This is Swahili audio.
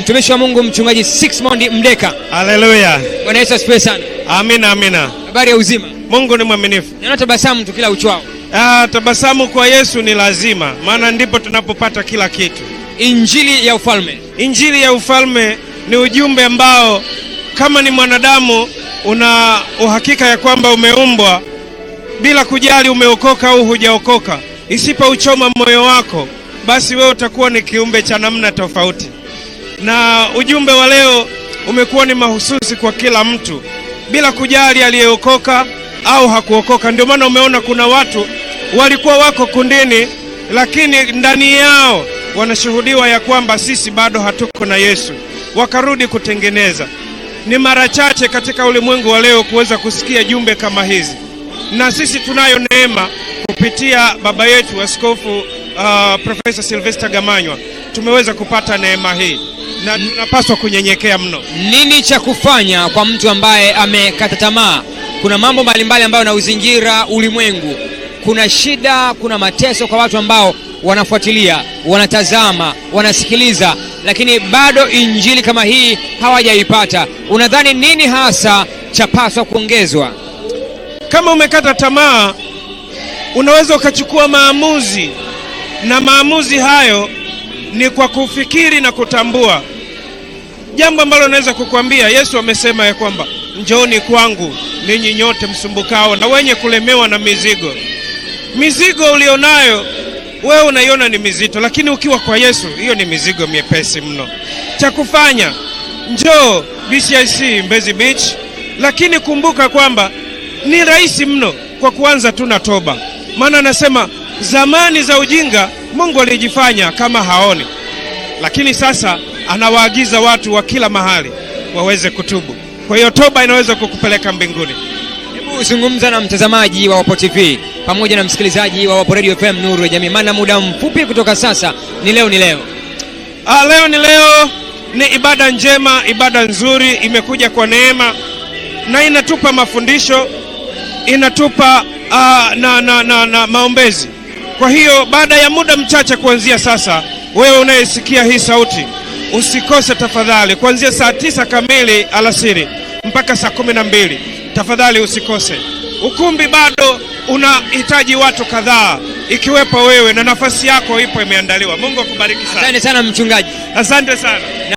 mtumishi wa Mungu mchungaji Sixmond Mdeka. Haleluya. Bwana Yesu asifiwe sana. Amina, amina. Habari ya uzima. Mungu ni mwaminifu. Nina tabasamu tu kila uchao. Ah, tabasamu kwa Yesu ni lazima, maana ndipo tunapopata kila kitu. Injili ya ufalme. Injili ya ufalme ni ujumbe ambao kama ni mwanadamu una uhakika ya kwamba umeumbwa bila kujali umeokoka au hujaokoka. Isipouchoma moyo wako, basi wewe utakuwa ni kiumbe cha namna tofauti na ujumbe wa leo umekuwa ni mahususi kwa kila mtu bila kujali aliyeokoka au hakuokoka. Ndio maana umeona kuna watu walikuwa wako kundini, lakini ndani yao wanashuhudiwa ya kwamba sisi bado hatuko na Yesu, wakarudi kutengeneza. Ni mara chache katika ulimwengu wa leo kuweza kusikia jumbe kama hizi, na sisi tunayo neema kupitia baba yetu Askofu uh, ah, Profesa Silvesta Gamanywa, tumeweza kupata neema hii na tunapaswa kunyenyekea mno. Nini cha kufanya kwa mtu ambaye amekata tamaa? Kuna mambo mbalimbali ambayo yanauzingira ulimwengu, kuna shida, kuna mateso kwa watu ambao wanafuatilia, wanatazama, wanasikiliza, lakini bado injili kama hii hawajaipata. Unadhani nini hasa chapaswa kuongezwa? Kama umekata tamaa, unaweza ukachukua maamuzi na maamuzi hayo ni kwa kufikiri na kutambua jambo ambalo naweza kukwambia. Yesu amesema ya kwamba njooni kwangu ninyi nyote msumbukao na wenye kulemewa na mizigo. Mizigo ulionayo wewe unaiona ni mizito, lakini ukiwa kwa Yesu hiyo ni mizigo miepesi mno. Cha kufanya njoo BCIC Mbezi Beach, lakini kumbuka kwamba ni rahisi mno kwa kuanza tu na toba, maana anasema zamani za ujinga Mungu alijifanya kama haoni, lakini sasa anawaagiza watu wa kila mahali waweze kutubu. Kwa hiyo toba inaweza kukupeleka mbinguni. Hebu zungumza na mtazamaji wa Wapo TV pamoja na msikilizaji wa Wapo Radio FM Nuru ya Jamii, maana muda mfupi kutoka sasa ni leo ni leo. a, ah, leo ni leo ni ibada njema, ibada nzuri, imekuja kwa neema na inatupa mafundisho, inatupa ah, na, na, na, na maombezi kwa hiyo baada ya muda mchache kuanzia sasa, wewe unayesikia hii sauti usikose tafadhali, kuanzia saa tisa kamili alasiri mpaka saa kumi na mbili tafadhali usikose. Ukumbi bado unahitaji watu kadhaa, ikiwepo wewe na nafasi yako ipo imeandaliwa. Mungu akubariki sana. Asante sana mchungaji, asante sana.